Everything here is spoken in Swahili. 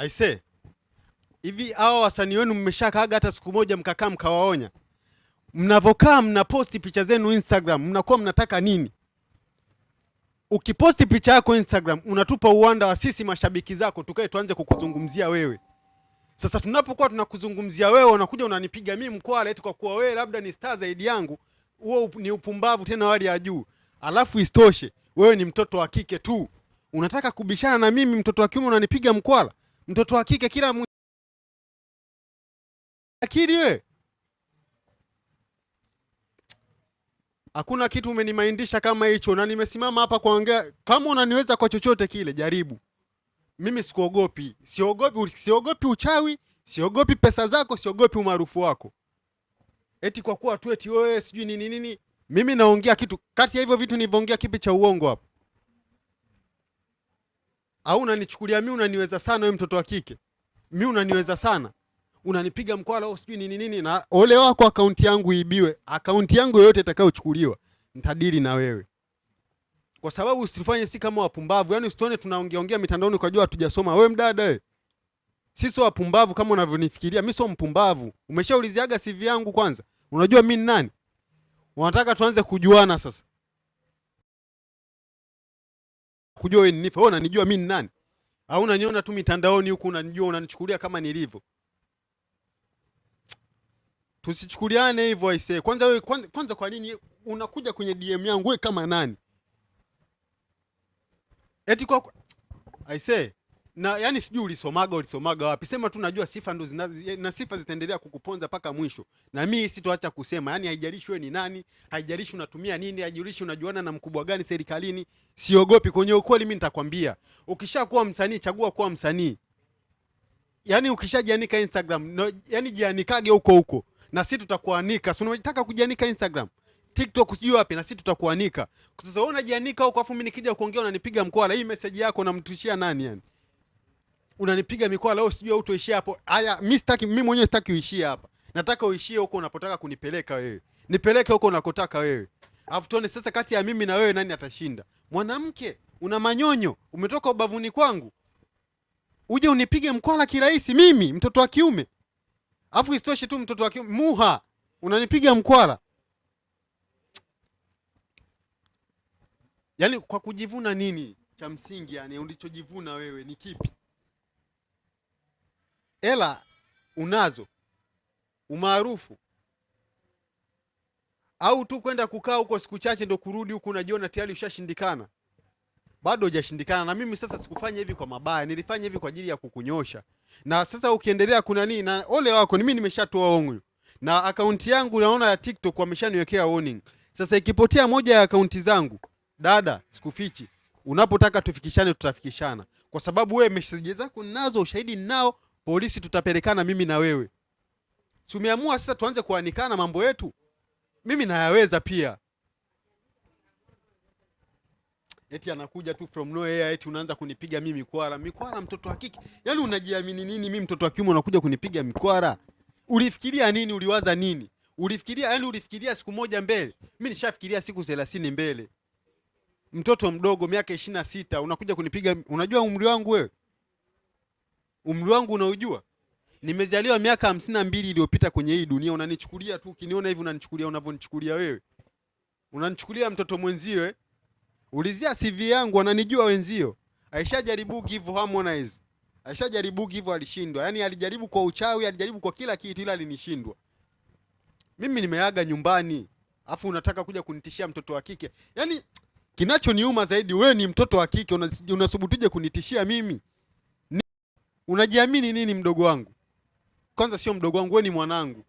Aise, hivi hawa wasanii wenu mmeshakaaga hata siku moja mkakaa mkawaonya? Mnavokaa mnaposti picha zenu Instagram, mnakuwa mnataka nini? Ukiposti picha yako Instagram unatupa uwanda wa sisi mashabiki zako tukae tuanze kukuzungumzia wewe. Sasa tunapokuwa tunakuzungumzia wewe, unakuja unanipiga mimi mkwala eti kwa kuwa wewe labda ni star zaidi yangu. Huo ni upumbavu tena wali ya juu. Alafu istoshe wewe ni mtoto wa kike tu, unataka kubishana na mimi mtoto wa kiume unanipiga mkwala mtoto wa kike kila mwezi akili we, hakuna kitu umenimaindisha kama hicho, na nimesimama hapa kuongea. Kama unaniweza kwa chochote kile, jaribu. Mimi sikuogopi, siogopi, siogopi uchawi, siogopi pesa zako, siogopi umaarufu wako, eti kwa kuwa tu eti wewe sijui nini nini. Mimi naongea kitu kati ya hivyo vitu nilivyoongea, kipi cha uongo hapo? au unanichukulia mi unaniweza sana wewe mtoto wa kike, mi unaniweza sana, unanipiga mkwala au oh, sijui nini nini, na ole wako akaunti yangu ibiwe Akaunti yangu yoyote itakayochukuliwa nitadili na wewe, kwa sababu usifanye si kama wapumbavu. Yani usione tunaongea ongea mitandaoni ukajua hatujasoma. Wewe mdada, wewe sisi wapumbavu kama unavyonifikiria. Mi sio mpumbavu, umeshauliziaga CV yangu kwanza, unajua mi ni nani? Wanataka tuanze kujuana sasa. kujua wewe ninipa wewe, unanijua mimi ni nani au unaniona tu mitandaoni huku, unanijua unanichukulia kama nilivyo? Tusichukuliane hivyo aisee. Kwanza wewe kwanza, kwanza kwa nini unakuja kwenye DM yangu wewe kama nani? Eti kwa aisee na yani sijui ulisomaga ulisomaga wapi, sema tu najua sifa ndo na sifa zitaendelea kukuponza mpaka mwisho, na mimi sitoacha kusema. Yani haijalishi wewe ni nani, haijalishi unatumia nini, haijalishi unajuana na mkubwa gani serikalini, siogopi kwenye ukweli. Mimi nitakwambia, ukishakuwa msanii, chagua kuwa msanii. Yani ukishajianika Instagram no, yani jianikage huko huko, na sisi tutakuanika. Si unataka kujianika Instagram TikTok sijui wapi na sisi tutakuanika. Sasa wewe unajianika huko, afu mimi nikija kuongea unanipiga mkwara. Hii message yako namtushia nani yani? unanipiga mikoa leo, sijui au tuishie hapo. Haya, mimi sitaki, mimi mwenyewe sitaki uishie hapa, nataka uishie huko unapotaka kunipeleka wewe, nipeleke huko unakotaka wewe, afu tuone sasa kati ya mimi na wewe nani atashinda. Mwanamke una manyonyo, umetoka ubavuni kwangu uje unipige mkwala kirahisi, mimi mtoto wa kiume. Afu isitoshe tu mtoto wa kiume muha, unanipiga mkwala yaani kwa kujivuna nini? Cha msingi yani ulichojivuna wewe ni kipi? ela unazo umaarufu au tu kwenda kukaa huko siku chache ndo kurudi huku, unajiona tayari ushashindikana. Bado hujashindikana. Na mimi sasa sikufanya hivi kwa mabaya, nilifanya hivi kwa ajili ya kukunyosha. Na sasa ukiendelea, kuna nini? Na ole wako, ni mimi nimeshatoa onyo, na akaunti yangu naona ya TikTok wameshaniwekea warning. Sasa ikipotea moja ya akaunti zangu, dada, sikufichi, unapotaka tufikishane, tutafikishana kwa sababu wewe meseji zako nazo, ushahidi nao polisi tutapelekana mimi na wewe. Tumeamua sasa tuanze kuanikana mambo yetu, mimi nayaweza pia. Eti anakuja tu from nowhere, eti unaanza kunipiga mimi mikwara mikwara, mtoto hakiki Yaani unajiamini nini? Mimi mtoto wa kiume unakuja kunipiga mikwara? Ulifikiria nini? Uliwaza nini? Ulifikiria yaani ulifikiria siku moja mbele? Mimi nishafikiria siku thelathini mbele. Mtoto mdogo miaka ishirini na sita unakuja kunipiga, unajua umri wangu wewe? umri wangu unaojua nimezaliwa miaka hamsini na mbili iliyopita kwenye hii dunia. Unanichukulia tu, ukiniona hivi unanichukulia unavyonichukulia wewe, unanichukulia mtoto mwenzio eh? Ulizia CV yangu, ananijua wenzio. Aishajaribu give Harmonize, aishajaribu give alishindwa. Yani alijaribu kwa uchawi, alijaribu kwa kila kitu, ila alinishindwa mimi. Nimeaga nyumbani, afu unataka kuja kunitishia mtoto wa kike. Yani kinachoniuma zaidi, wewe ni mtoto wa kike, unasubutuje kunitishia mimi? Unajiamini nini mdogo wangu? Kwanza sio mdogo wangu, wewe ni mwanangu.